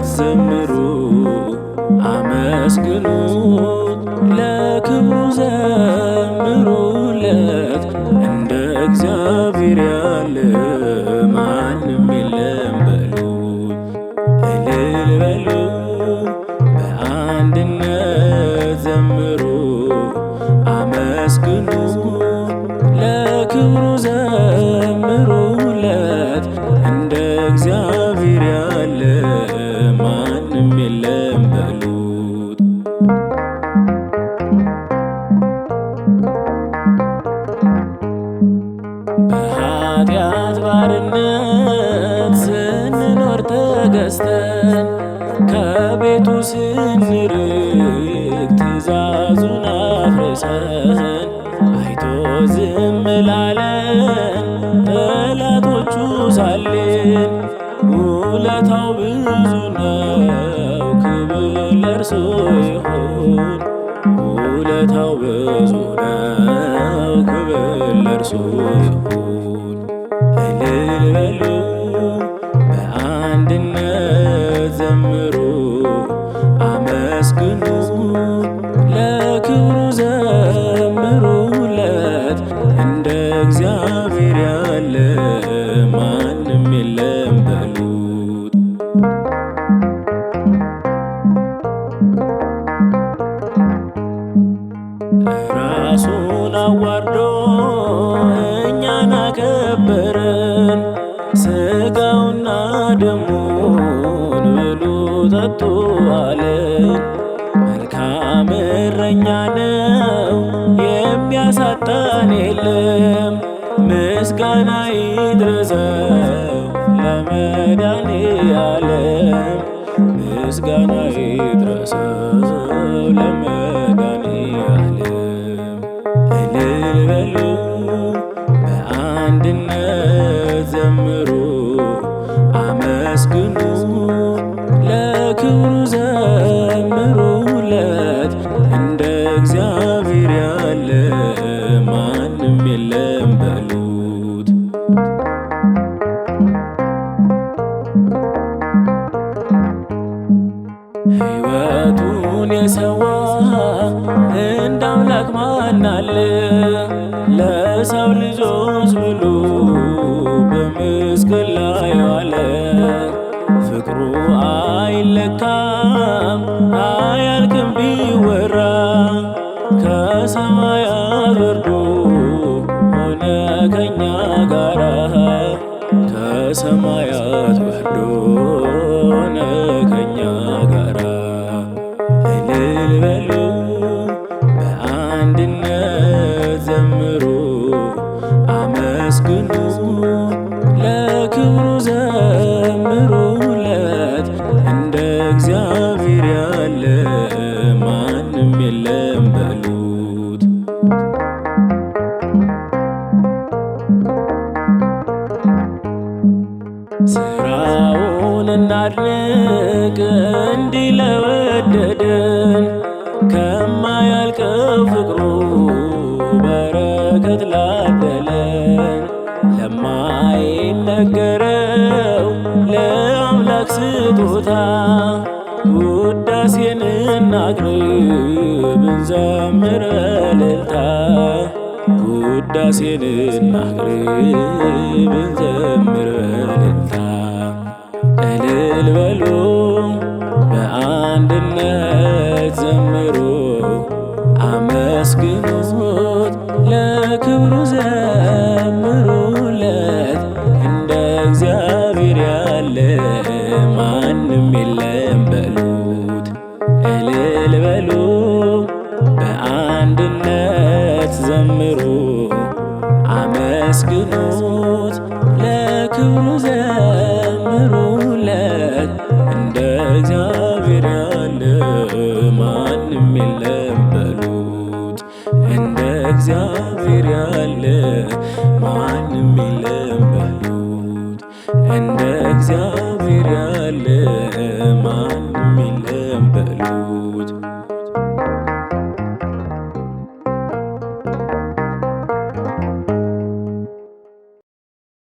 በእውነት ዘምሩ አመስግኑት፣ ለክብሩ ዘምሩለት። እንደ እግዚአብሔር ያለ ማንም የለም በሉ እልል በሉ፣ በአንድነት ዘምሩ አመስግኑ ባርነት ስንኖር ተገዝተን ከቤቱ ስንርቅ ትእዛዙን አፍርሰን አይቶ ዝም ላለን ጠላቶቹ ሳለን ውለታው ብዙ ነው፣ ክብር ለእርሱ ይሁን። ውለታው ብዙ ነው፣ ክብር ለእርሱ ይሁን። ነበረን! ስጋውና ደሙን ብሉ ጠጡ አለን። መልካም እረኛ ነው የሚያሳጣን የለም። ምስጋና ይድረሰው ለመድኃኔዓለም ምስጋና ይድረሰው ሕይወቱን የሰዋ እንደ አምላክ ማን አለ? ለሰው ልጆች ብሎ በመስቀል ላይ ዋለ። ፍቅሩ አይለካም አያልቅም ቢወራ ከሰማያት ወርዶ ሆነ ከኛ ጋራ ከሰማያት ወርዶ ሆነ ስራውን እናድንቅ እንዲህ ለወደደን ከማያልቀው ፍቅሩ በረከት ላደለን ለማይነገረው ለአምላክ ስጦታ ውዳሴን እናቅርብ እንዘምር እልልታ ውዳሴን እናቅርብ እንዘምር ለክብሩ ዘምሩለት እንደ እግዚአብሔር ያለ ማንም የለም በሉት እልል በሉ በአንድነት ዘምሩ አመስግኑት ለክብሩ እግዚአብሔር ያለ ማንም የለም በሉት እንደ እግዚአብሔር ያለ ማንም